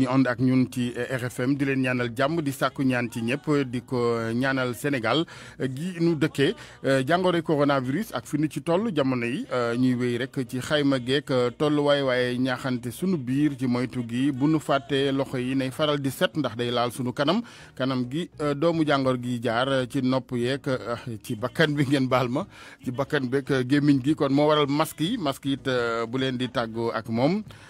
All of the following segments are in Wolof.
ñi ànd ak ñun ci eh, RFM di leen ñaanal jàmm di sàkku ñaan ci ñëpp di ko ñaanal Sénégal eh, gi nu dëkkee eh, jàngoro coronavirus ak fi nu ci toll jamono yi ñuy wéy rek ci xayma geek tolluwaay waaye ñaaxante sunu biir ci moytu gi bu nu fàttee loxo yi nay faral di set ndax day laal sunu kanam kanam gi doomu jàngor gi jaar ci nopp yeeg ci bakkan bi ngeen baal ma ci bakkan beeg gémmiñ gi kon moo waral masque yi masque it bu leen di tàggoo ak moom.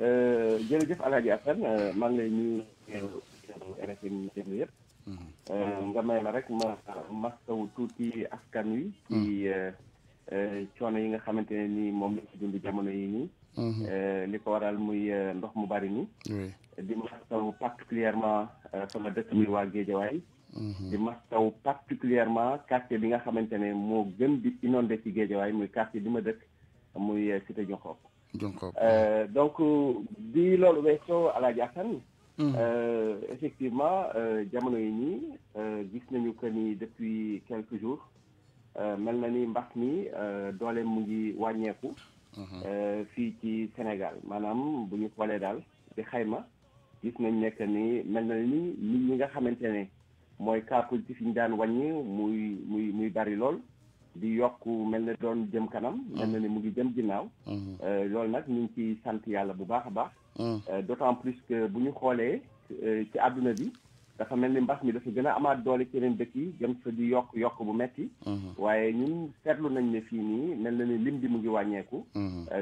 Euh, jërëjëf El Hadj Assane euh, maa ngi lay nuyu RFM yi ñu yëpp. Mm-hmm. Euh, nga may ma rek ma masawu tuuti askan wi. ci mm-hmm. coono yi nga xamante ne ni moom la ci dund jamono yi nii. Mm-hmm. li ko waral muy ndox mu bari nii. di masawu particulièrement sama dëkk mi waa Géejawaay. di masawu particulièrement quartier bi nga xamante ne moo gën di inondé ci Géejawaay muy quartier bi ma dëkk muy cité Diokhop. donc bi euh, euh, loolu weesoo Alaaji Asan mm-hmm. euh, effectivement jamono yi nii gis nañu que ni depuis quelques jours mel na ni mbas mi dooleem mu ngi wàññeeku. Mm-hmm. fii ci Sénégal maanaam bu ñu xoolee daal di xayma gis nañ nekk ni mel na ni nit ñi nga xamante ne mooy cas positif yi ñu daan wàññi muy muy muy bari lool. di yokk mel na doon jëm kanam. mel na ni mu ngi jëm ginnaaw. Mhm. Euh, loolu nag ñu ngi ciy sant yàlla bu baax a baax. Mhm. Euh, d'autant plus que bu ñu xoolee euh, ci àdduna bi dafa mel ni mbas mi dafa gën a amaat doole ci yeneen dëkk yi jëm fa di yokk yokk bu metti mhm. waaye ñun seetlu nañ ne fii nii mel na ni lim bi mu ngi wàññeeku.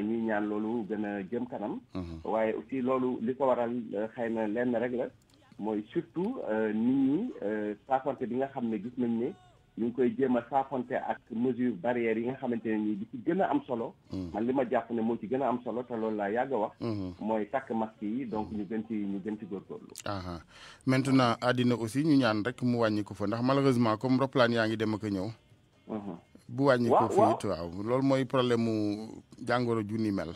ñuy ñaan loolu gën a jëm kanam. waaye aussi loolu li ko waral xëy na lenn rek la mooy surtout nit ñi saakonte bi nga xam ne gis nañ ne. ñu ngi koy jéem a saafonte ak mesure barrière yi nga xamante ne nii di ci gën a am solo mm. man li ma jàpp ne moo ci gën a am solo te loolu laa yàgg wax mm-hmm. mooy takk masque yi donc ñu gën ci ñu gën ci góorgóorlu aha maintenant àddina aussi ñu ñaan rek mu wàññi ko fa ndax malheureusement comme roplaan yaa ngi dem ak a ñëw mm-hmm. bu wàññi ko fa it waaw loolu mooy problème mu jàngoro ju ni mel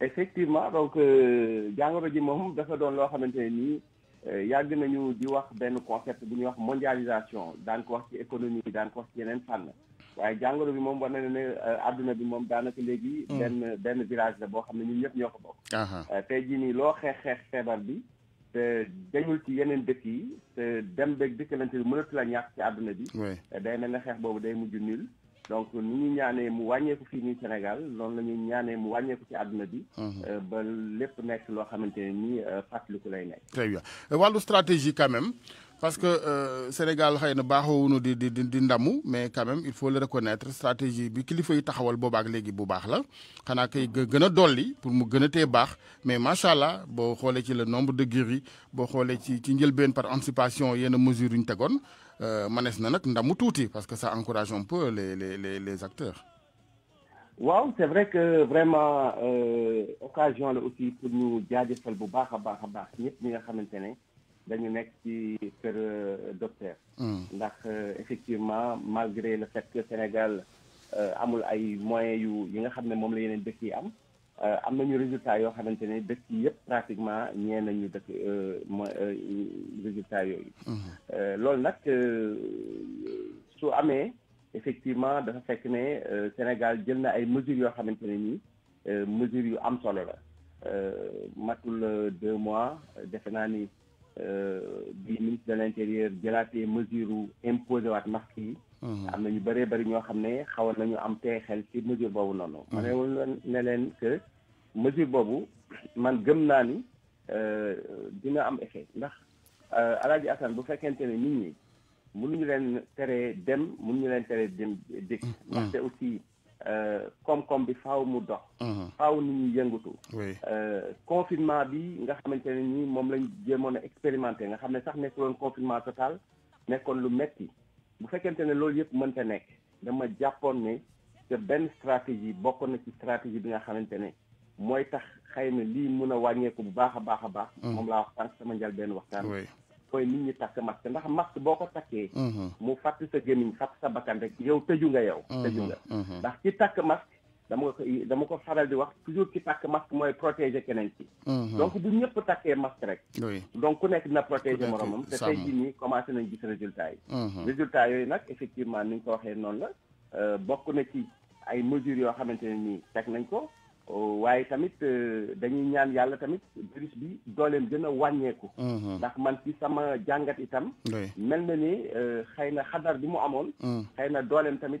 effectivement donc euh, jàngoro ji moom dafa doon loo xamante ne nii Euh, yàgg nañu di wax benn concept bu ñuy wax mondialisation daan ko wax ci économie bi daan ko wax ci yeneen fànn waaye jàngoro bi moom war na ne euh, àdduna bi moom daanaka léegi. Mm. benn benn village la boo xam ne ñun ñëpp ñoo ko bokk. Euh, tey jii nii loo xeex xeex feebar bi te dañul ci yeneen dëkk yi te dem beeg dëkkalante bi mënatu la ñàkk ci àdduna bi. day mel ne xeex boobu day mujj nil donc ni ñu ñaanee mu ko fii nii Sénégal noonu la ñu ñaanee mu ko ci àdduna bi. Mhm. Euh, ba lépp nekk loo xamante ne nii euh, fàttaliku lay nekk. très bien euh, wàllu stratégie quand même parce que Sénégal xëy na baaxoowuñu di di di ndamu mais quand même il faut le reconnaître stratégie bi kilifa yi taxawal ak léegi bu baax la xanaa kay gën a dolli pour mu gën a tee baax mais macha allah boo xoolee ci le nombre de guéris boo xoolee ci ci njëlbeen par anticipation yenn mesures yu ñu tegoon. Euh, Manes na nag ndamu tuuti parce que ça encourage un peu les les les les acteurs. waaw c'est vrai que vraiment euh, occasion le aussi pour nous garder bu baax a baax a à ñëpp ñi nga xamante ne dañu ci euh, docteur. Hmm. ndax effectivement malgré le fait que Sénégal amul ay moyens yu yi nga xam ne moom la Euh, am na ñu résultat yoo xamante ne dëkk yi yëpp pratiquement ñee nañu dëkk euh, mooy euh, résultat yooyu mm-hmm. loolu nag su amee effectivement dafa fekk ne Sénégal jël na ay mesures yoo xamante ne nii mesures yu am solo la matul deux mois defe naa ni bi ministre de l'intérieur jëlaatee mesure u imposé waat masque yi Mm-hmm. am na ñu baree bëri ñoo xam ne xawoon nañu am tey xel ci mesure boobu noonu. ma ne woon ne leen que mesure boobu man gëm naa ni euh, dina am effet ndax euh, Alaaji Assane bu fekkente ne nit ñi mënuñu leen teree dem ñu leen teree dem dikk. Mm-hmm. ndaxte aussi euh, koom-koom bi faaw mu dox. Mm-hmm. faaw nit ñu yëngatu. confinement bi nga xamante ne ni moom lañ jéemoon a expérimenté nga xam ne sax nekkuloon confinement total nekkoon lu metti bu fekkente ne loolu yëpp mënta nekk dama jàppoon ne te benn stratégie bokkoon na ci stratégie bi nga xamante ne mooy tax xëy na lii mun a wàññeeku bu baax a baax a baax. Mm-hmm. moom laa wax sànq sama njal benn waxtaan. mooy nit ñi takk masque ndax masque boo ko takkee. Mm-hmm. mu fàtt sa gémmiñ fàtt sa bakkan rek yow tëju nga yow. Mm-hmm. tëju nga ndax ci takk masque. dama ko dama ko faral di wax toujours ci takk masque mooy protéger keneen ci mhm. donc bu ñëpp takkee masque rek donc ku nekk dina protéger moromam te tey jii nii commencé nañ gis résultat yi mhm. résultat yooyu nag effectivement ni nga ko waxee noonu la euh, bokk na ci ay mesures yoo xamante ne nii teg nañ ko euh, waaye tamit euh, dañuy ñaan yàlla tamit virus bi dooleem gën a wàññeeku mhm. ndax man ci sama jàngat itam mel na ni xëy na xadar bi mu amoon mm. xëy na dooleen tamit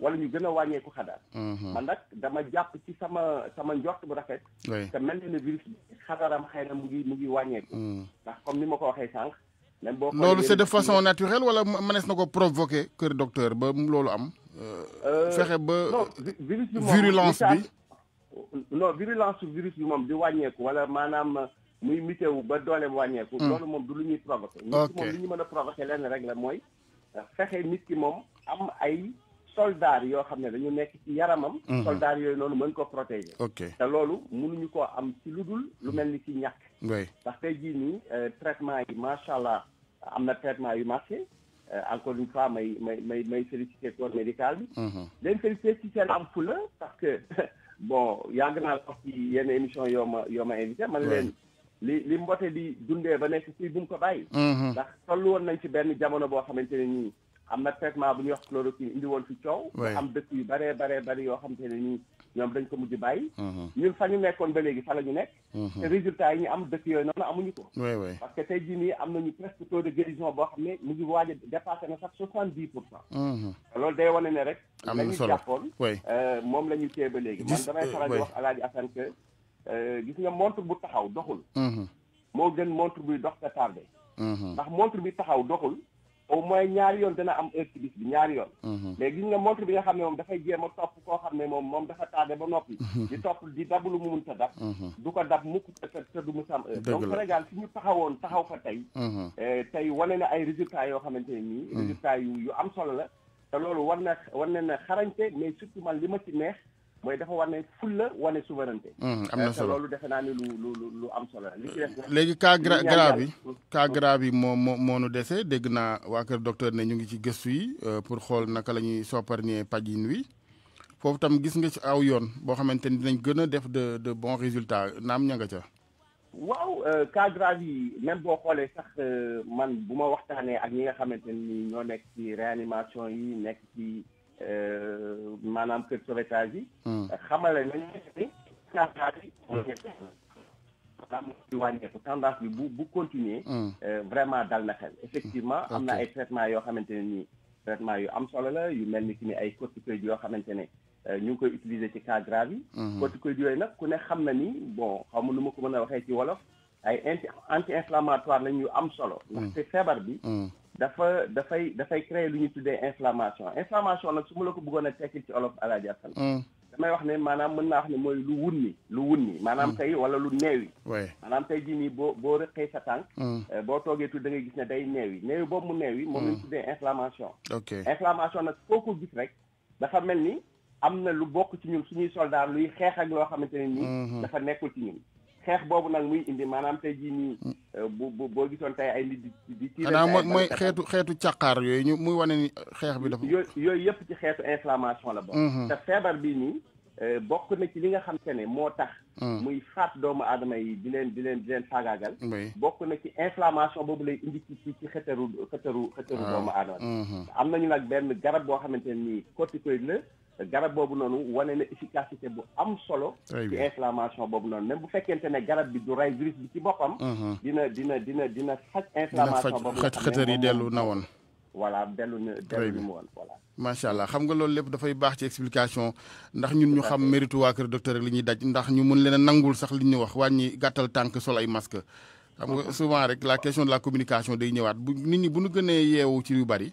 wala ñu gën a wàññeeku xadaar mhm. man nag dama jàpp ci sama sama njort bu rafet te mel ne virus bi xadaaram xëy na mu ngi mu ngi wàññeeku mhm. ndax comme ni ma ko waxee sànq même boo loolu c'est de façon naturelle wala mënees na ko provoquer kër docteur ba loolu am euh, euh, fexe ba virus bi virulence bi non virulence su virus bi moom di wàññeeku wala maanaam muy mutéwu ba dooleem wàññeeku hmm. loolu moom du lu ñuy provoquer nit ki moom li lenn rek la mooy fexe nit ki moom am ay soldaar yoo xam ne dañu nekk ci yaramam. Mhm. soldaar yooyu noonu mën ko protéger. ok te loolu mënuñu koo am ci lu dul lu mel ni ci ñàkk. oui ndax tey jii nii euh, traitement yi macha allah am na traitement yu marché euh, encore une fois may may may may félicité corps médical bi. Mhm. leen félicité ci seen am fula parce que bon yàgg naa ko ci yenn émission yoo ma yoo ma invité man leen. li li mbote di dundee ba nekk fii buñ ko bàyyi. Mhm. ndax tollu woon nañ ci benn jamono boo xamante ne nii. am na traitement bu ñu wax chloroquine indi woon fi coow. am dëkk yu baree baree bari yoo xam ne nii ñoom dañ ko mujj bàyyi. Mhm. ñun fa ñu nekkoon ba léegi fa la ñu nekk. Mhm. te résultat yi ñu am dëkk yooyu noonu amuñu ko. parce que tey jii nii am nañu presque taux de guérison boo xam ne mu ngi waaj a dépassé na sax soixante dix pour cent. Mhm. loolu day wane ne rek. am na solo euh, moom la ñu téye ba léegi. man damay faral di wax Alaaji Assane que euh, gis nga montre bu taxaw doxul. moo gën montre buy dox te tardé. ndax montre bi taxaw doxul au moins ñaari yoon dana am heure ci bis bi ñaari yoon mhm. mais nga montre bi nga xam ne moom dafay jéem a topp koo xam ne moom moom dafa tardé ba noppi mhm. di topp di dab lu mu mun ta dab mhm. du ko dab mukk te du mu sam heure donc Sénégal si ñu taxawoon taxaw fa tey eh, tey wane na ay résultats yoo xamante ne nii résultats yu yu am solo la te loolu war na war na na xarañte mais surtout man li ma ci neex mooy dafa wane fulla wane souveraineté. Hmm, am na eh, solo loolu defe naa ni lu lu lu am solo la. léegi cas grave bi hmm. cas grave bi moo moo moo nu dese dégg naa waa kër docteur ne ñu ngi ci gëstu yi euh, pour xool naka la ñuy sopparñee pajin wi foofu tam gis nga ci aw yoon boo xamante ni dinañ gën a def de de bon résultat naam ña nga ca. waaw euh, cas grave yi même boo xoolee sax euh, man bu ma waxtaanee ak ñi nga xamante ni ñoo nekk ci réanimation yi nekk ci. Euh, maanaam kër sauvetage yi. Hmm. xamale ci ne tendance bi wàññeeku. ko tendance bi bu bu continuer. Hmm. Euh, vraiment dal na xel hmm. effectivement amna ay traitement yo xamante ne traitement yu am solo la yu melni ci ni ay corticoïdes yoo xamante ne euh, ñu ngi koy utiliser ci cas grave yi. corticoïdes yooyu nak ku ne xam na ni bon xaw ma nu ko mëna waxé ci wolof ay anti inflammatoire lañ yu am solo. ci fièvre bi. dafa dafay dafay créer lu ñu tuddee inflammation inflammation nag su ma la ko bëggoon a tekkil ci olof alaajar Asan mm. damay wax ne maanaam mën naa wax ne mooy lu wunni lu wunni mm. maanaam tey wala lu neewi maanaam tey jii nii boo boo rëqee sa tànk mm. eh, boo toogee tuuti da ngay gis ne day neewi neewi boobu mu yi moom lañ tuddee inflammation inflammation nag foo ko gis rek dafa mel ni am na lu bokk ci ñun suñuy soldaar luy xeex ak loo xamante ne mm-hmm. dafa nekkul ci xeex boobu nag muy indi maanaam tey jii nii. Euh, bu boo gisoon tey ay nit di di. ci xanaa mooy xeetu xeetu càqaar yooyu ñu muy wane xeex bi dafa. yooyu yooyu yëpp ci xeetu inflammation la bokk. Mm-hmm. te feebar bii nii euh, bokk na ci li nga xam te ne moo tax. Mm. muy faat doomu aadama yi di leen di leen di leen faagaagal. bokk na ci inflammation boobu lay indi ci ci xëtëru xëtëru xëtëru ah. doomu aadama. Mm-hmm. am nañu nag benn garab boo xamante ne nii corticoïde la. garab boobu noonu wane na efficacité bu am solo eh ci inflammation boobu noonu même bu fekkente ne garab bi du rey virus bi ci boppam uh-huh. dina dina dina dina faj inflammation boobu xët xëtër yi dellu na woon voilà dellu na dellu mu woon voilà macha allah xam nga loolu lépp dafay baax ci explication ndax ñun ñu xam méritu waa kër docteur li ñuy daj ndax ñu mun leen a nangul sax li ñu wax wàññi gàttal tànk sol ay masque xam nga uh-huh. souvent rek la question de la communication day ñëwaat bu nit ñi bu ñu gënee yeewu ci yu bari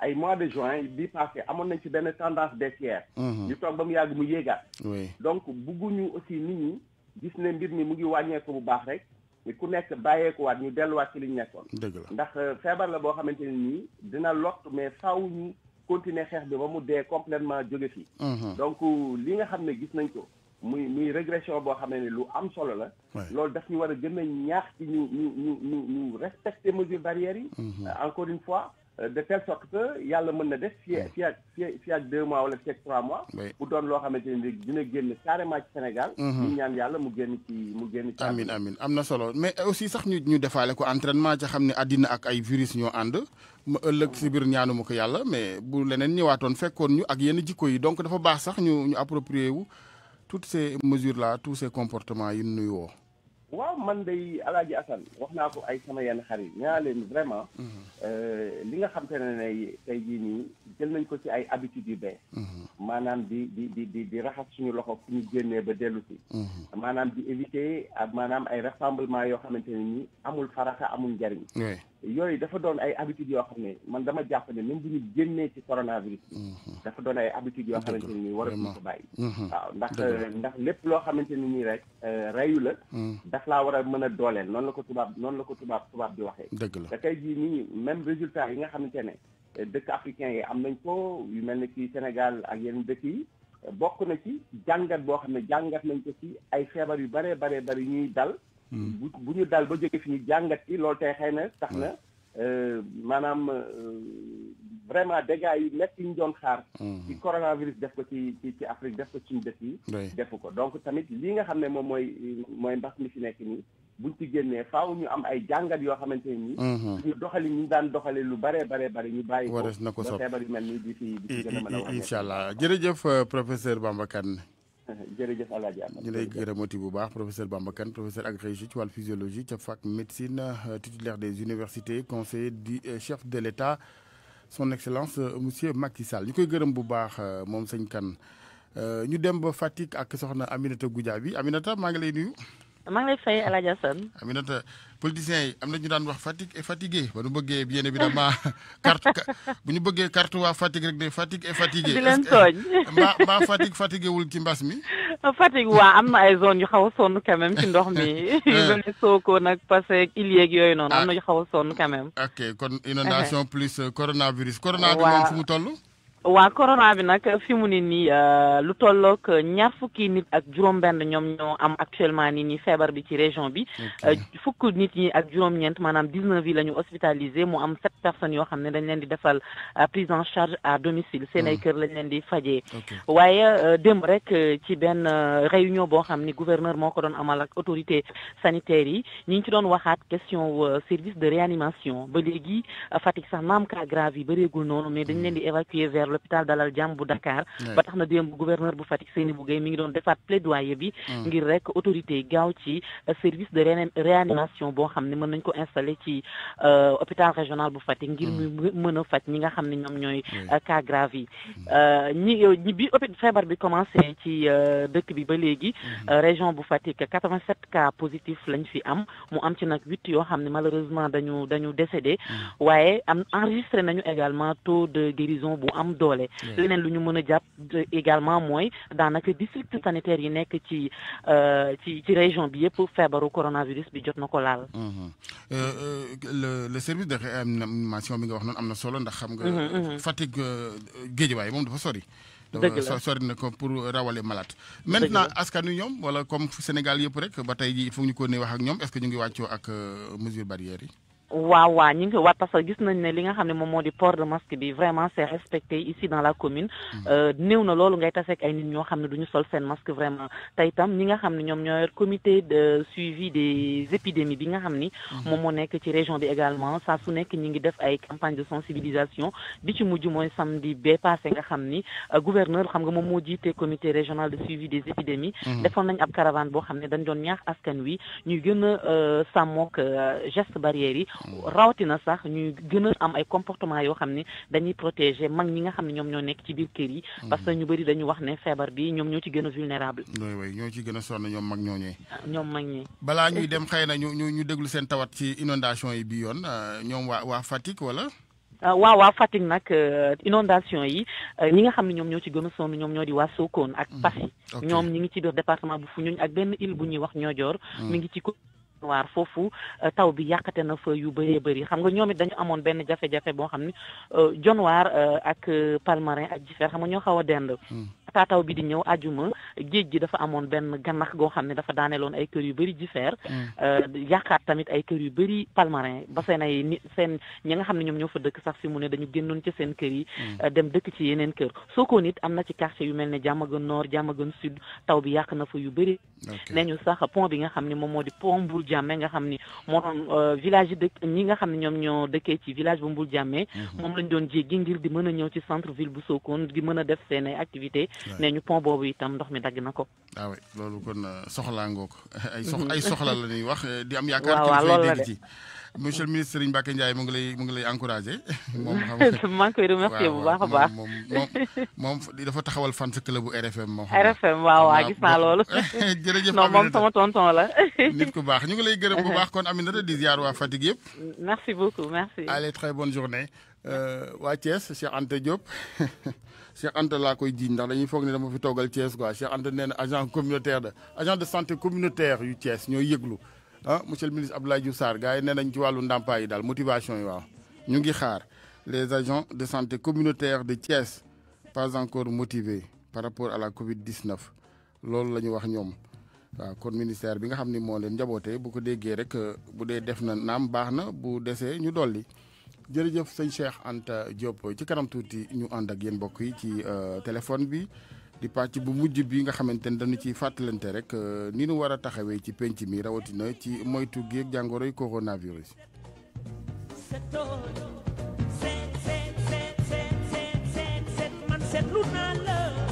ay mois de juin bi passé amon nañ ci tendance baissière. Mhm. ñu toog ba mu mu donc bugguñu aussi nit ñi gis ne mbir mi mu ngi wàññeeku bu baax rek mais ku nekk bàyyeekuwaat ñu delluwaat ci li ñu nekkoon. ndax euh, la ne dina mais ñu continuer xeex bi ba mu complètement jóge mhm. donc euh, li nga nous ne gis nañ ko. muy muy régression boo ne lu am solo la. daf respecter barrières mhm. euh, encore une fois. Euh, de telle sorte que yàlla mën na def fii fii ak fii ak deux mois wala fii ak trois mois. bu doon loo xamante ni dina génn carrément ci Sénégal. Mhm. ñu yàlla mu génn ci mu génn ci. amiin am na solo mais aussi sax ñu ñu defaale ko entraînement ca xam ne àddina ak ay virus ñoo ànd. ma ëllëg si biir ñaanu ma ko yàlla mais bu leneen ñëwaatoon fekkoon ñu ak yenn jikko yi donc dafa baax sax ñu ñu approprier wu toutes ces mesures là tous ces comportements yi nuyoo. waaw man day Alaaji Assane wax naa ko ay sama yenn xarit ñaa leen vraiment mhm. euh, li nga xam te ne ne tey jii nii jël nañ ko ci ay habitudes yu bees mhm. maanaam di di di di di raxas suñu loxo fu ñu génnee ba dellu si mhm. maanaam di éviter ak maanaam ay rassemblement yoo xamante ne nii amul farata amul njariñ yooyu dafa doon ay habitudes yoo xam ne man dama jàpp ne même bu ñu génnee ci coronavirus bi mhm. dafa doon ay habitudes yoo xamante ni nii waratuñu ko bàyyi mhm. waaw ndax ndax lépp loo xamante ne nii rek euh, reyu la mhm. daf laa war a mën a dooleel noonu la ko tubaab noonu la ko tubaab tubaab bi waxee dëgg la te tey jii nii même résultat yi nga xamante ne euh, dëkk africain yi am nañ ko yu mel ne ci Sénégal ak yeneen dëkk yi bokk na ci jàngat boo xam ne jàngat nañ ko ci ay feebar yu bare bare bari ñuy dal bu bu ñu dal ba jóge fi ñu jàngat ci loolu tey xëy na tax na euh, maanaam euh, vraiment dégâts yi métti ñu doon xaar. Mm. ci coronavirus def ko ci ci ci Afrique def ko ci suñu dëkk yi. defu ko donc tamit li nga xam ne moom mooy mooy mbas mi fi nekk nii. buñ ci génnee faaw ñu am ay jàngat yoo xamante ne nii. Mm-hmm. ñu doxali ñu daan doxalee lu bare bare bare ñu bàyyi ko. warees na ko soppi ba feebar yu mel nii di fi di fi gën a mën a. incha allah jërëjëf euh, professeur Bamba Kane jërëjëf Alaaji Amar ñu lay gërëmati bu baax professeur Bamba professeur agrégé ci wàllu physiologie ca fac médecine euh, titulaire des universités conseiller du euh, chef de l'État son excellence euh, monsieur Macky Sall ñu koy gërëm bu baax moom sëñ kan ñu dem ba Fatick ak soxna Aminata Goudia bi Aminata maa ngi lay nuyu maa ngi lay fay El Hadj Assane. Aminata politiciens yi am na ñu daan wax fatigue et fatigué ba nu bëggee bien évidemment carte bu ñu bëggee carte waa fatigue rek de fatigue et fatigué. di leen tooñ mbaa mbaa Fatick fatigué wul ci mbas mi. fatigue waa am na ay zone yu xaw a sonn quand même ci ndox mi. yu ne Soko nag passé il yeeg yooyu noonu. am na ah. yu xaw a sonn quand même. ok kon inondation eh. plus euh, coronavirus. corona bi moom fu mu toll wa corona bi nak fi mu ni nii euh, lu tollook ñaar fukki nit ak juroom benn ñom ñoo am actuellement nii ni feebar bi ci région bi euh, fukk nit ñi ak juroom ñent manam 19 neuf yi la ñu mu am sept personnes yo xamne dañ leen di defal euh, prise en charge à domicile seen ay mm. kër lañ leen di faje waye dem rek ci ben réunion bo xamni gouverneur moko don amal ak autorité sanitaire yi ñi ci don waxat question service de réanimation ba légui fatik sax mam ka grave yi bëreegul noonu mais dañ mm. leen di évacuer vers l'hôpital Dalal Jàmm Dakar ba tax na démb gouverneur bu Fatick Seynabou Gueye mi ngi doon defaat plaidoyer bi mm. ngir rek autorité gaaw ci euh, service de réanimation bo xam même mën nañ ko installer ci euh, hôpital régional bu Fatick ngir mm. mu mën a ñi nga xam ñom ñoy euh, cas grave yi mm. ñi bi febar bi commencé ci dëkk bi ba légui mm-hmm. région bu Fatick 87 cas positifs, lañ fi am mu am ci nak 8 yo xam malheureusement dañu dañu décédé waye am enregistré nañu également taux de guérison bu doole leneen lu ñu mën a jàpp euh, également mooy daanaka district sanitaire yi nekk ci euh, ci ci région bi yépp feebaru coronavirus bi jot na ko laal mm-hmm. euh, le le service de réanimation bi nga wax noonu am na solo ndax xam nga mm-hmm, mm-hmm. Fatick Géejawaay moom dafa sori dëgg la sori na ko pour rawale malade. maintenant askan wi ñoom wala comme Sénégal yépp rek ba tey ji il faut ñu ko ne wax ak ñoom est-ce que ñu ngi wàccoo ak mesure barrières yi waaw waaw ñu ngi koy parce que gis nañ ne li nga xam ne moom moo port de masque bi vraiment c'est respecté ici dans la commune mm-hmm. euh, néew na loolu ngay taseek ay nit ñoo xam ne sol seen masque vraiment tey itam ñi nga xam ne ñoo comité de suivi des épidémies bi nga xam ni mm-hmm. moom moo ci région bi également Ça su que ñi avons def ay campagne de sensibilisation bi ci mujj mooy samedi bee passé nga xam euh, gouverneur xam nga moom moo comité régional de suivi des épidémies mm-hmm. defoon nañ ab caravane boo xam ne dañ doon ñaax askan wi ñuy gën a euh, sàmmook geste barrières Mm. rawatina sax ñuy gën a am ay comportement yoo xam ne dañuy protéger mag ñi nga xam ne ñoom ñoo nekk ci biir kër yi mm. parce que ñu bëri dañu wax ne feebar bi ñoom ñoo ci gën a vulnérable way ñoo ci gën a sonn ñoom mag ñooñee ñoom mag ñi balaa ñuy dem xëy na ñu ñu ñu déglu seen tawat ci inondation yi bi yoon euh, ñoom waa waa Fatick wala euh, waaw waaw Fatick nag euh, inondation yi ñi nga xam ne ñoom ñoo ci gën a sonn ñoom ñoo di waa Sokone ak mm. Passy ñoom ñu ngi ci biir département bu Foundiougne ak benn île bu ñuy wax ñoojoor mi ngi ci ko waar fofu euh, taw bi yakate na fa yu beure beuri xam nga ñoom dañu amone benn jafe-jafe bo xamni ni euh, noir euh, ak palmarin ak jifer xam nga ño xawa a dend hmm. taw bi di ñew aljuma geej gi dafa amone benn ganax go xamni dafa danelon ay kër yu bëri jifeer hmm. yakkat tamit ay kër yu beuri palmarin ba seen ay ni seen ñi nga xamni ñom ñoom ñoo fa dëkk sax si mu ne dañu génnoon ci seen kër yi hmm. dem dëkk ci yeneen kër soko nit amna ci quartier yu melni jamagon nord jamagon sud taw bi yak na fa yu beuri nee sax pont bi nga xamni mom modi pont bourdieu Diamé nga xam ni moo doon euh, village yi dëkk ñi nga xam ne ñoom ñoo dëkkee ci village bu Mboul Diamé mhm. moom lañ doon jéggi ngir di mën a ñëw ci centre ville bu Sokone di mën a def seen ay activité ne ñu pont boobu itam ndox mi dagg na ko waaw ah loolu kon euh, soxlaa ngoo ko mhm. ay soxla la ñuy wax euh, di am yaakaar ci fay dégg ci monsieur le ministre Serigne Mbacké Ndiaye mo ngi lay mo ngi lay encourager moom xam maa ngi remercier bu baax a baax moom moom dafa taxawal fan club bu RFM moom. RFM waaw waaw gis na lolu jërëjëf non moom sama tonton la. nit ku baax ñu ngi lay gërëm bu baax kon Aminata di ziar waa Fatick yëpp. merci beaucoup merci. allez très bonne journée. euh wa Thiès Cheikh Anta Diop Cheikh Anta la koy jiiñ ndax dañuy fogg ni dama fi togal Thiès quoi Cheikh Anta nee agent communautaire de agent de santé communautaire yu Thiès ñoy yeglu ah monsieur le ministre Abdoulaye Diouf Sarr gars yi nee ci walu ndàmpaay yi daal motivation yi waaw ñu ngi xaar les agents de santé communautaire de Thiès pas encore motivés par rapport à la Covid 19 loolu lañu wax ñom waaw kon ministère bi nga xamni mo moo leen njabootee bu ko déggé rek euh, bu dé def na nam baxna bu déssé ñu dolli jërëjëf seigne Cheikh Anta Diop ci kanam tuuti ñu ànd ak yéen mbokk yi ci euh, téléphone bi. di pàcc bu mujj bi nga xamante ne dañu ci fàttalante rek ni nu war a taxawee ci penc mi rawatina ci moytu géeg jàngoroy coronavirus. seet man seetlu naa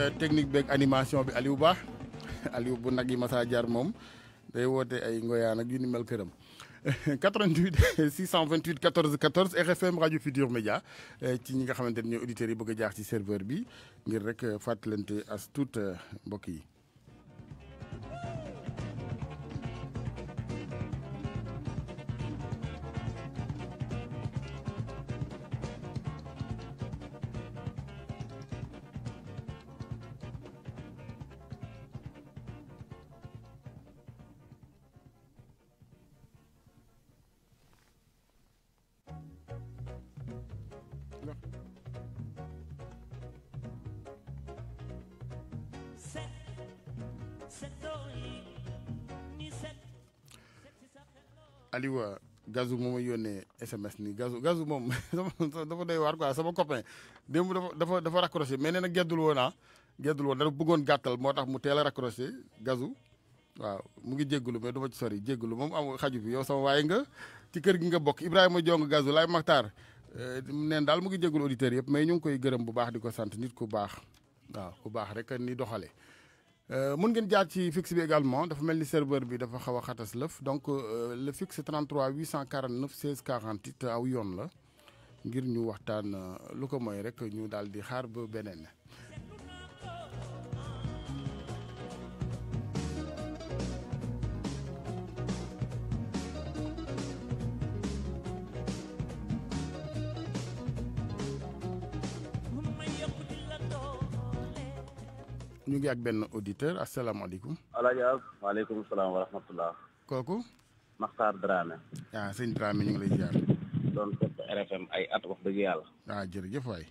Euh, technique beeg animation bi Aliou Ba Aliou bu nagui Massa jar mom day wote ay ngoyaan ak yu ni mel këram 88 628 14 14 RFM Radio Futur Media euh, ci ñi nga xamante ne ñooy yi bëgg a jaar ci serveur bi ngir rek euh, fatelante as toute mbokk yi. waa euh, Gazou moo ma yónnee SMS nii Gazou Gazou moom sama dafa doy waar quoi sama copain démb dafa dafa dafa raccroché mais nee na geddul woon ah geddul woon dafa bëggoon gàttal moo tax mu teel a raccroché gazu waaw mu ngi jéggulu mais du ma ci sori jéggulu moom amul xaju bi yow sama waaye nga ci kër gi nga bokk Ibrahima Jong Gazou laay Maktar euh, neen daal mu ngi jéggul auditeurs yëpp mais ñu ngi koy gërëm bu baax di ko sant nit ku baax waaw bu baax rek ni doxale Euh, mun ngeen jaar ci fixe bi également dafa mel ni serveur bi dafa xaw a xatas lëf donc euh, le fixe 33 849 16 48 aw yoon la ngir ñu waxtaan euh, lu ko moy rek ñu daldi xaar ba beneen. ñu ngi ak benn auditeur asalaamaaleykum. allo. waaleykum salaam wa rahmatullah. kooku. Makhtar Dramé. ah sëñ Dramé ñu ngi lay ziar. doon ay at wax dëgg yàlla. ah jërëjëf waay.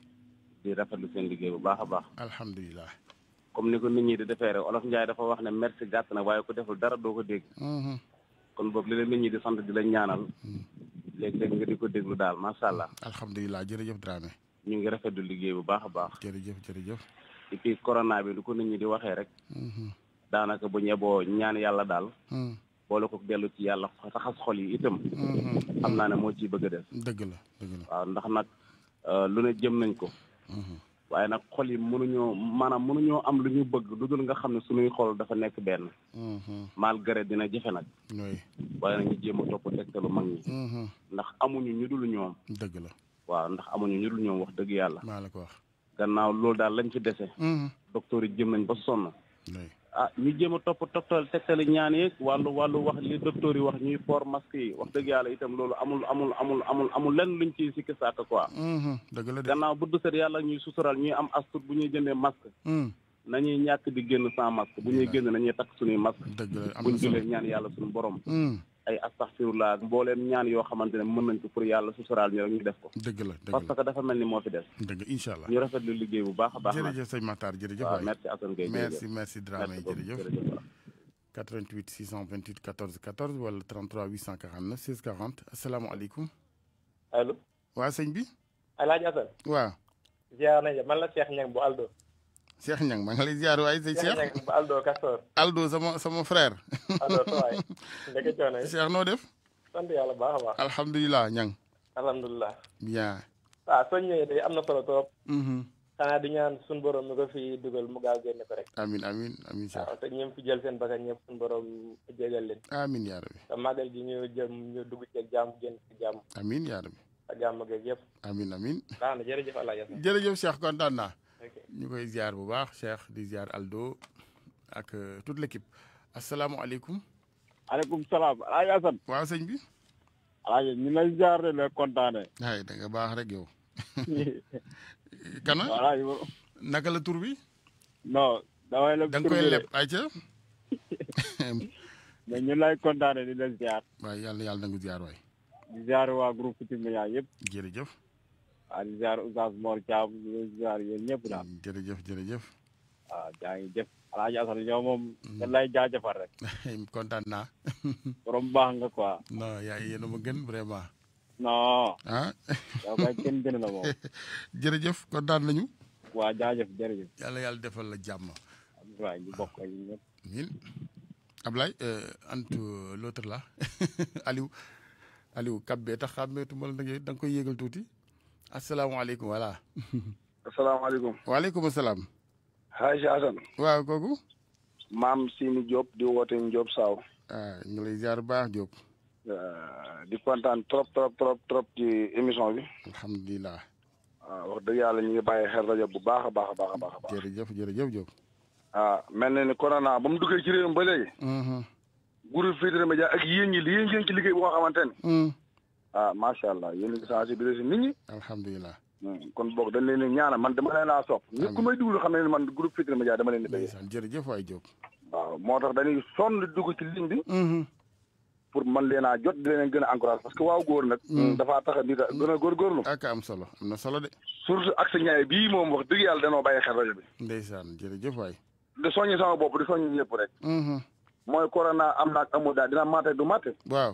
di rafetlu seen liggéey bu baax a baax. alhamdulilah. comme ni ko nit ñi di defee rek olof Ndiaye dafa wax ne merci gàtt na waaye ku deful dara doo ko dégg. Mm-hmm. kon boobu li la nit ñi di sant di la ñaanal. léegi mm-hmm. léeg nga di ko déglu daal macha allah. alhamdulilah jërëjëf Dramé. ñu ngi rafetlu liggéey bu baax a baax. jër jërëjëf jërëjëf. ci kii corona bi du ko nit ñu di waxee rek mhm. daanaka bu ñeboo ñaan yàlla daal mhm. boole ko dellu ci yàlla taxas xol yi itam mhm. xam naa ne moo ciy bëgg a des dëgg la dëgg la waaw ndax nag euh, lu ne jëm nañ ko waaye nag xol yi mënuñoo maanaam mënuñoo am lu ñu bëgg lu dul nga xam ne su suñuy xol dafa nekk benn malgré dina jafe nag waaye nag ñu jéem a te lu mag ñi ndax amuñu ñu dul ñoom dëgg la waaw ndax amuñu ñu dul ñoom wax dëgg yàlla maa la ko wax gannaaw loolu daal lañ fi dese. Mm-hmm. docteur yi jëm nañ ba sonn. ah ñu jéem a topp togtal tegtali ñaan yeeg wàllu wàllu wax li docteur yi wax ñuy port masque yi wax dëgg yàlla itam loolu amul amul amul amul amul lenn luñ ciy sikki sàkk quoi. Mm-hmm. la de gannaaw bu du set yàlla ñuy sutural ñuy am astut bu ñuy jëndee masque. Mm-hmm. nañuy ñàkk di génn sans masque bu ñuy génn nañuy takk suñuy masque. dëgg la am buñ jullee ñaan yàlla suñu borom. ay astaxfirullah ak mbooleem ñaan yoo xamante ne mën nañ ko pour yàlla sutural ñu rek ñu def ko dëgg la dëgg la parce que dafa mel ni moo fi des dëgg incha allah ñu rafetlu liggéey bu baax a baax jërëjëf sëñ Matar jërëjëf waaw merci Assane Gueye merci merci Dramé jërëjëf 88 628 14 14 wala 33 849 16 40 asalaamaaleykum allo waa sëñ bi alaaji Assane waaw man la Cheikh Niang bu Aldo Cheikh Niang ma ngi lay ziar ay sëñ Cheikh Cheikh Aldo Kassor Aldo sama sama frère. Aldo toy waay. ndeke coono Cheikh no def. sante yalla baax baax. alhamdulilah Niang. alhamdulilah. bien. Iya. waaw ah, soo ñëwee day am na solo hmm xanaa ya, di ñaan mhm. sun borom nga fi duggal mu gaaw génne ko rek. amin amin amin Cheikh. Ah, waaw te ñoom fi jël seen baka ñëpp sun borom jégal leen. amin ya rabbi. sa magal gi ñu jëm ñu dugg ci jamm génn ci jamm amin ya rabbi. ak jàmm geeg yëpp. amiin amiin. baax na jërëjëf ya. El Hadj Assane. Cheikh kontana nah. ñu koy ziar bu baax Cheikh di ziar Aldo ak euh, toute l' équipe asalaamualeykum. aleykum salaam Alaaji Asan. waaw sëñ bi. Alaaji ñu lay ziar de la kontaane. ay baax rek yow. kana naka la tur bi. non damay leb da nga koy leb ayca. ñu lay kontaane di la ziar. waaw yàlla yàlla na nga ziar waay. di ziar waa groupe Futurs Médias yëpp. jërëjëf. waaw di ziar Oustaz Mor Thiam jërëjëf jërëjëf. waaw ngi jëf El Hadj Assane ñoom moom. Mm-hmm. dañ lay jaajëfal rek. kontaan naa. borom baax nga quoi. non yaa yéen a ma gën vraiment. non. ah. yow kay kenn gën la moom. jërëjëf kontaan nañu. waa jaajëf jërëjëf. yàlla yàlla defal la jàmm. waaw ñu bokk ak ñëpp. Ah, amiin Ablaye euh, antu l'autre là Aliou Aliou Kabbe tax xàmmeetuma la da nga koy yéegal tuuti. asalaamaaleykum voilà. asalaamaaleykum. waaleykum salaam. Haji Assane. waaw kooku. maam Sini Diop di woote Diop Saaw. ah ñu lay jaar baax Diop. Ah, di kontaan trop trop trop trop ci émission bi. alhamdulilah. waaw ah, wax dëgg yàlla ñu ngi bàyyi xel rajo bu baax a baax a baax a baax. jërëjëf jërëjëf Diop. ah mel na ni corona ba mu duggee ci réewam ba léegi. Mm-hmm. groupe Futurs Médias ak yéen ñi yéen ngeen ci liggéey bu nga xamante ne. ah macha allah yéen a ngi sensibiliser nit ñi. alhamdulilah. Hmm, kon boog dañ leen di man dama leen laa sopp. amiin ku may duglu xam ne man groupe Futurs Médias dama leen di béyee. jërëjëf waay Diop. moo tax dañuy sonn dugg ci ligne bi. Mm-hmm. pour a jot di leen gën a parce que waaw góor nag. Mm. Hmm, dafaa tax a nit a solo am na bii moom wax dëgg yàlla danoo bàyyi xel rajo bi. ndeysaan bopp di soññi ñëpp rek. Mm-hmm. mooy corona am na ak amul daal dina mate du mate. waaw.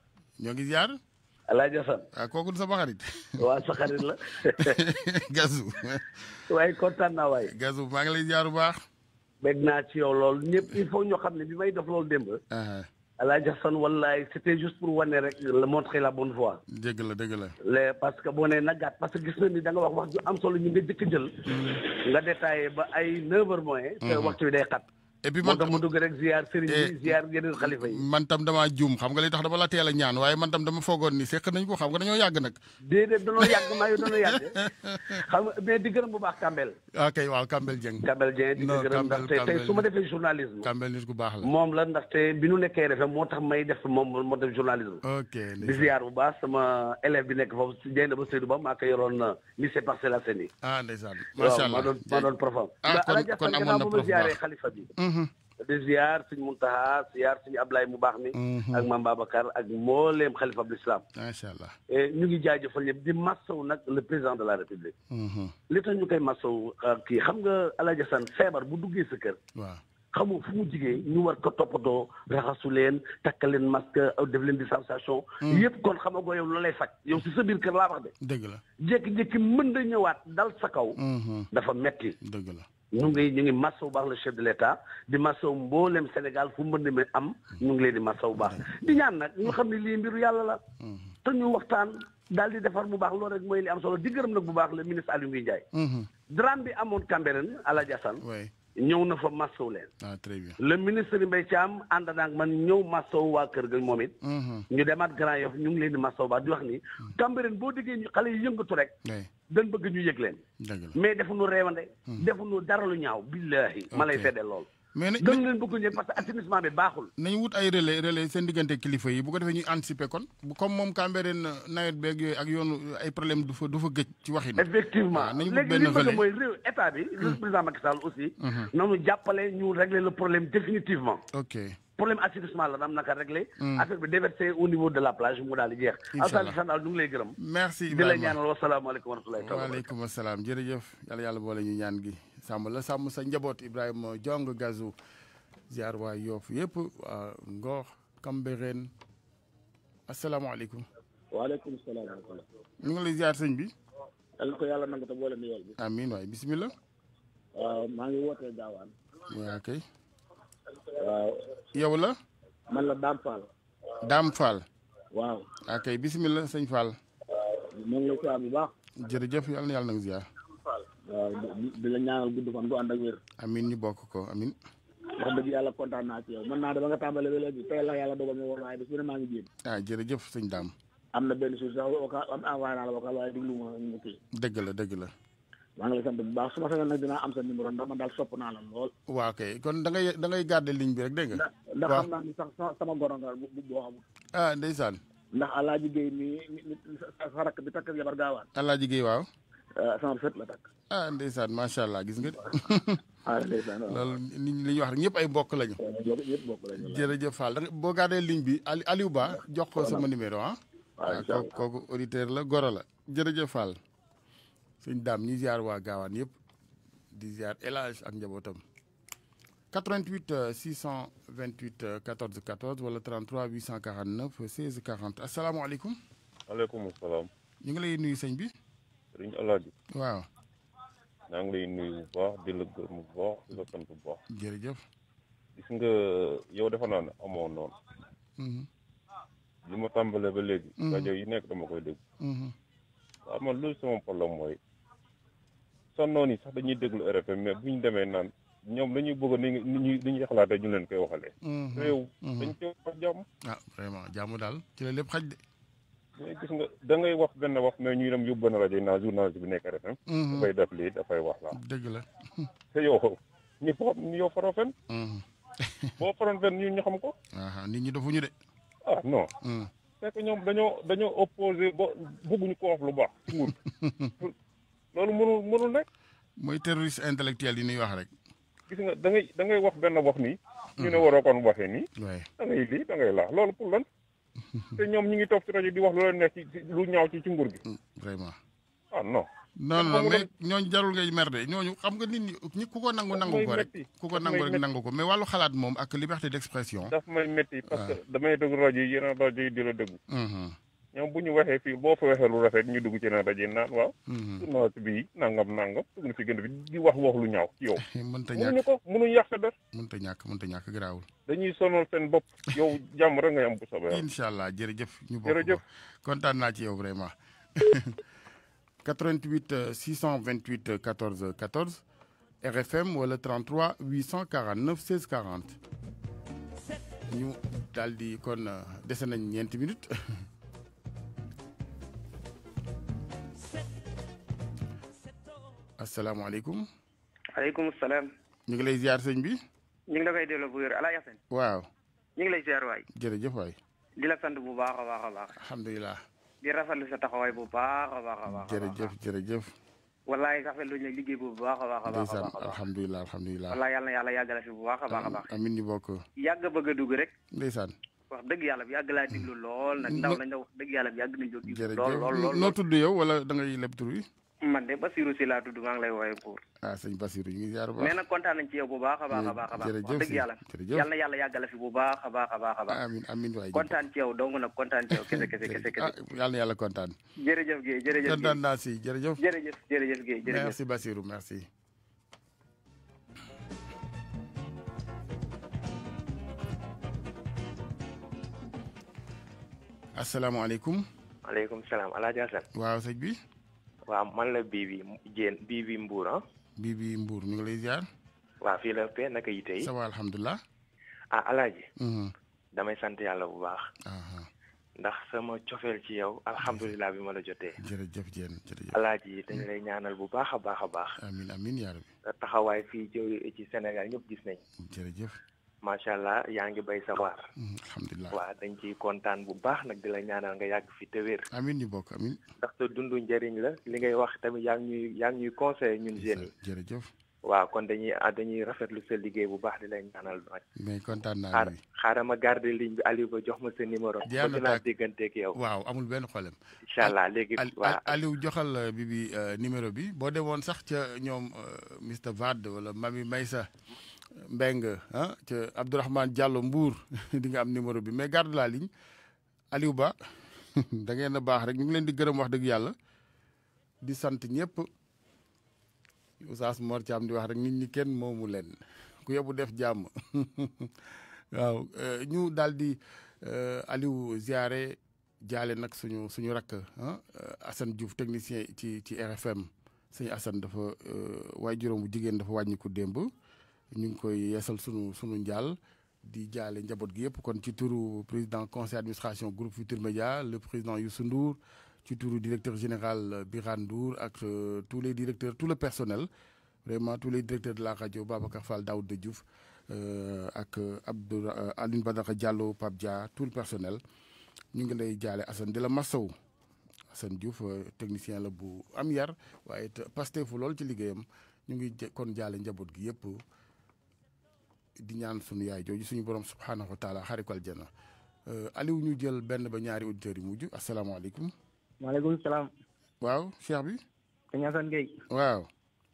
ñoo ngi ziar. Alaaji Assane. waaw ah, kooku sama xarit. waaw sa xarit la. gazu. waaye kontaan naa waaye. gazu maa ngi la ziar bu baax. bég naa ci yow lool ñëpp il faut ñoo xam ne bi may def loolu démb. Ah. Alaaji Assane wallaay c' était juste pour wane rek le montrer la bonne voie. dëgg la dëgg la. le parce que boo nee nagaat parce que gis na ni da nga wax wax ju am solo ñu nga jëkk jël. Mm-hmm. nga détaillé ba ay 9h moins. Mm-hmm. waxtu bi day xat. et puis man moo tax mu dugg rek ziar sëriñ bi eh, ziar yeneen xalifa yi. man tam damaa juum xam nga li tax dama la teel a ñaan waaye man tam dama foogoon ni seq nañ ko xam nga dañoo yàgg nag. déedéet dañoo yàgg maa ngi dañoo yàgg xam nga bu baax Kambel. ok waaw Kambel Dieng. Kambel Dieng tey su ma defee journalisme. Kambel nit ku baax la moom la ndaxte bi nu nekkee rek moo tax may def moom moo def journalisme. ok di ziar bu baax sama élève bi nekk foofu Dieng ba Ba maa ko yoroon euh, lycée Parcelles Assainies. ah ndeysaan macha allah waaw Mhm. di ziar suñ Muntaxa ziar suñu laay mu baax mi mhm. ak maam Babacar ak mbooleem xalifa bu islam macha allah e, ñu ngi jaajëfal ñëpp di wu nag le président de la république mhm. li tax ñu koy massaw euh, kii xam nga Alaaji San feebar bu duggee sa kër waaw xamoo fu mu jigee ñu war ko toppatoo raxasu leen takk leen masque euh, def leen distanciation yëpp kon xamagoo yow loolu lay faj yow si sa biir kër laa wax de dëgg la jékki-jékki mën da ñëwaat dal sa kaw dafa metti ñu ngi ñu ngi masawu baax le chef de l'État di masawu mboolem Sénégal fu mbënd mi am ñu ngi leen di masawu baax di ñaan nag ñu xam ne lii mbiru yàlla la mhm. te ñu waxtaan daal di defar mu baax loolu rek mooy li am solo di gërëm nag bu baax le ministre Aliou Ngouille Ndiaye mhm. drame bi amoon Cambérène Aladji Assane ñëw na fa massaw leen. ah très bien le ministre Mbaye Thiam ànd na ak man ñëw massaw waa kër ga moom it. Mm-hmm. ñu demaat Grand Yoff ñu ngi leen di massaw ba di wax ni. Mm-hmm. Cambérène boo déggee ñu xale yi yëngatu rek. dañ bëgg ñu yëg leen. mais defu defuñu réewande. Mm-hmm. defuñu dara lu ñaaw billaahi ma lay seddee lool. mais nañ gëm leen leen parce que assainissement bi baaxul. nañ wut ay relais relais seen diggante kilifa yi bu ko defee ñuy anticiper kon comme moom Cambérène nawet beeg yooyu ak yoonu ay problème du fa du fa ci waxin. effectivement léegi li bëgg mooy réew état bi. le président la dam naka régler. au niveau de la plage mu daal di jeex. incha allah Alsane lay gërëm. merci Ibrahima di la ñaanal wasalaamaaleykum wa rahmatulah. waaleykum salaam jërëjëf yàlla yàlla boole ñu ñaan gi sàmm la sàmm sa njaboot Ibrahima Jong Gazou ziar waa Yoof yëpp waa Ngor Cambérène asalaamaaleykum. waaleykum ngi lay ziar sëñ bi. yàlla ko yàlla nangu te bisimilah. waaw maa ngi wootee gaawaan. waaw kay. waaw. yow la. man la Dame Fall. Dame Fall. waaw. waaw ah, kay bisimilah sëñ Fall. maa ngi lay na yàlla na ziar. waaw di la ñaanal gudd fan bu ànd ak wér. amin ñu bokk ko amin wax dëgg yàlla kontaan naa ci yow mën naa dama nga tàmbale ba léegi tey la yàlla dogal ma woon waaye bis bu ne maa ngi jéem. ah jërëjëf sëñ daam. am na benn suuf sax vocal am envoyé naa la vocal waaye diglu ma ñu kii. dëgg la dëgg la. maa ngi lay sant bu baax su ma sañoon nag dinaa am sa numéro ndax man daal sopp naa la lool. waaw kay kon da ngay da ngay garder ligne bi rek dégg nga. ndax xam naa ni sax sama goro nga bu boo xamul. ah ndeysaan. ndax Alaaji Guèye mi mi sa rakk bi takk jabar gaawaan. Alaaji Guèye waaw. Ah, sama fet la takk ah ndeysaan macha allah gis nga de. Ah, loolu nit ñi li ñuy wax rek ñëpp ay mbokk lañu. jërëjëf Fall boo gardee ligne bi Aliou Ba jox ko sama numéro ah. waaw ah, kooku auditeur la goro la jërëjëf Fall. suñ daam ñi ziar waa gaawaan yëpp di ziar El ak njabootam. 88 628 14 14 wala 33 849 16 40 asalaamaaleykum. maaleykum salaam. ñu ngi lay nuyu sëñ bi. sëñ Alaaji. waaw. naa ngi lay nuyu bu baax di la bu baax di la sant bu baax. jërëjëf. gis nga yow defe naa ne amoo noonu. Mm-hmm. li ma tàmbalee ba léegi. Mm-hmm. rajo yi nekk dama koy dégg. Mm-hmm. waaw man loolu sama problème mooy. sa noonu yi sax dañuy déglu RFM mais bu ñu demee naan ñoom dañuy bëgg ni ñuy ni ñuy xalaatee ñu leen koy waxalee. réew. dañ cee wax jàmm. ah vraiment jàmm daal ci la lépp xaj de. mais da ngay wax benn wax mais ñuy dem yóbbu benn rajo yi naa journaliste bi nekk RFM. Mhm. dafay def lii dafay wax la dëgg la. te yow ñu fa yow faroo mhm. boo faroon fen ñun ñu xam ko. nit ñi defuñu de. ah non. Mhm. fekk ñoom dañoo dañoo opposé ba bëgguñu ko wax lu baax. loolu mënul mënul nekk. mooy terroriste intellectuel yi ñuy wax rek. gis nga da ngay wax benn wax nii. ñu ne waroo kon waxee nii. da ngay lii laax loolu pour lan. te ñoom ñu ngi toog ci rajo di wax lu leen neex ci lu ñaaw ci ci nguur gi. Mm, vraiment. ah non. non non mais ñooñu jarul ngay merde ñooñu xam nga nit ñi ñi ku ko nangu nangu ko rek ku ko nangu rek nangu ko mais wàllu xalaat moom ak liberté d'expression. daf may métti parce ah. que damay déglu rajo yi yeneen rajo yi di la déglu. Mm-hmm. ñoom bu ñu waxee fii boo fa waxee lu rafet ñu dugg ci na daje naan waaw. su mhm. nawet bi nangam nangam dugg fi gën bi di wax wax lu ñaaw yow. mënta ñàkk mënuñu ko mënuñu yàq sa der. mënta ñàkk mënta ñàkk garaawul. dañuy sonal seen bopp yow jàmm rek ngay am bu sobe incha allah jërëjëf ñu bokk jërëjëf kontaan naa ci yow vraiment. 88 628 14 14 RFM wala 33 849 16 40 ñu daal kon euh, dese nañ ñeenti minutes. asalaamaaleykum. aleykum salaam. ñu ngi lay ziar sëñ bi. ñu ngi la koy delloo bu wér ala yasin. waaw. ñu ngi lay ziar waay. jërëjëf waay. di la sant bu baax a baax a baax. alhamdulilah. di rafetlu sa taxawaay bu baax a baax a baax. jërëjëf jërëjëf. wallaay rafetlu ñu liggéey bu baax a baax a baax. ndeysaan alhamdulilah alhamdulilah. wallaay yàlla na yàlla yàggal fi bu baax a baax a baax. amiin ñu bokk. bëgg dugg rek. ndeysaan. wax dëgg yàlla bi yàgg laa diglu lool nag ndaw lañ la wax dëgg yàlla bi yàgg nañ jóg. lool lool lool noo tudd yow wi man de basiru si la tuddu ma ngi lay wooyee pour. ah sëñ basiru ñu ngi ziar bu baax. mais nag kontaan nañ ci yow bu baax a baax a baax. jërëjëf wax dëgg yàlla yal na yàlla yàggala fi bu baax a baax a baax a baax. amiin amiin waay kontaan ci yow ya, dong nag kontaan ci yow ya, kese kese kese kese. Ah, yal na yàlla kontaan. jërëjëf Guèye jërëjëf Guèye kontaan naa si jërëjëf. jërëjëf jërëjëf Guèye jërëjëf merci Basirou merci. asalaamaaleykum. maaleykum salaam El Hadj Assane. waaw sëñ bi. waaw man la Bibi Diène Bibi Mbour ah. bi mbuur ñu ngi lay ziar. waaw fii la pe naka yite yi. ça va alhamdulilah. ah alaaji mm-hmm. damay sant yàlla bu baax. ndax sama cofeel ci yow alhamdulilah bi ma la jotee. jëf Diène jërëjëf. alaaji dañu lay ñaanal bu baax a baax a baax. amiin amiin yaa rabbi. taxawaay fii ci Sénégal ñëpp gis nañ. jërëjëf. macha allah yaa ngi bay sa waar. Mm, alhamdulilah waaw dañ ci kontaan bu baax nag di la ñaanal nga yàgg fi te wér. amiin ñu bokk amiin. ndax te dundu njëriñ la li ngay wax tamit yaa ngi ñuy yaa ngi ñuy ñun jeunes yi. jërëjëf. waaw kon dañuy ah, dañuy rafetlu sa liggéey bu baax di la ñaanal nag. mais kontaan naa ni xaaral ma garde ligne bi Aliou ba jox ma sa numéro. di taag dinaa dégganteeg yow. waaw amul benn problème. incha allah léegi waaw Aliou joxal euh, bi bi euh, numéro bi boo demoon sax ca ñoom euh, Mr Vade wala Mami Maysa Mbengue ah ca Abdourahmane Diallo mbuur di nga am numéro bi mais garde la ligne Aliou Ba da ngeen a baax rek ñu ngi leen di gërëm wax dëgg yàlla di sant ñëpp Oustaz Mor am di wax rek nit ñi kenn moomu leen ku yebu def jàmm waaw euh, ñu daal di euh, Aliou ziare jaale nag suñu suñu rakk ah euh, Assane Diouf technicien ci ci RFM suñu Assane dafa waaye juróom bu jigéen dafa wàññiku démb. Nous avons eu yeesal sunu sunu njaal di jaale njaboot gi yëpp kon ci président conseil d'administration groupe Futur Média le président Youssou Ndour ci directeur général Birandour avec ak euh, tous les directeurs tout le personnel vraiment tous les directeurs de la radio Babacar Fall Daouda Diouf euh, ak euh, Abdou Aline Badara Diallo Pape tout le personnel Nous avons lay jaale Assane di la Assane Diouf technicien la bu am yar waaye pastefu lool ci liggéeyam ñu ngi kon jaale njaboot di ñaan sunu yaay jooju suñu borom subhaanahu wa taala xarikal jana euh, Aliou ñu jël benn ba ñaari auditeurs yi mujj asalaamaaleykum. maaleykum salaam. waaw Cheikh bi. sëñ Assane Gueye. waaw.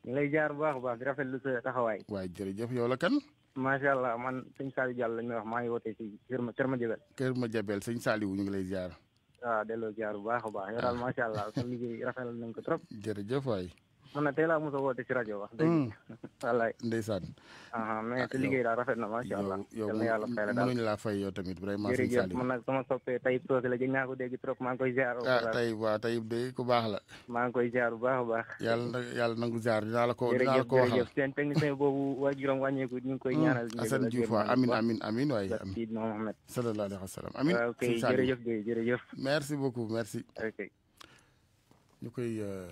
ñu lay jaar bu baax a baax di rafetlu sa taxawaay. waaye jërëjëf yow la kan. macha allah man sëñ Saliou Diallo lañ may wax maa ngi wootee si Kër ma Kër ma Jabel. Kër ma Jabel ñu ngi lay jaar. waaw ah, delloo jaar bu baax a baax yow daal ah. macha allah sa liggéey rafetlu nañ ko trop. jëf waaye man na tey laa mos a rajo wax. dëgg wallaay ndeysaan. mais te liggéey daal rafet na macha allah. yow yow mënuñ laa fay yow tamit vraiment. sëñ Saliou man nag sama soppee Tayib Socé ko dégg trop maa ngi ah, Tayib waaw Tayib de ku baax la. maa ngi koy ziar bu baax a baax. yàlla na yàlla nangu ziar dinaa la ko dinaa la ko waxal. jërëjëf seen boobu waa juróom wàññeeku ñu koy mm, ñaanal. Assane Diouf waaw amin amin amin waaye amin. sallallahu alayhi wa sallam amin. Ah, ok jërëjëf merci beaucoup merci. ñu koy euh,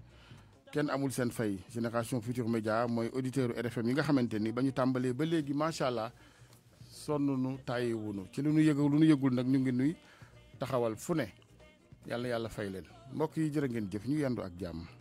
kenn amul seen fay génération Futur Média mooy auditeurs RFM yi nga xamante ni ba ñu tàmbalee ba léegi macha allah sonn nu tàyyi wunu ci lu nu yëg lu nu yëgul nag ñu ngi nuy taxawal fu ne yàlla yàlla fay leen mbokk yi jërë ngeen jëf ñu yendu ak jàmm.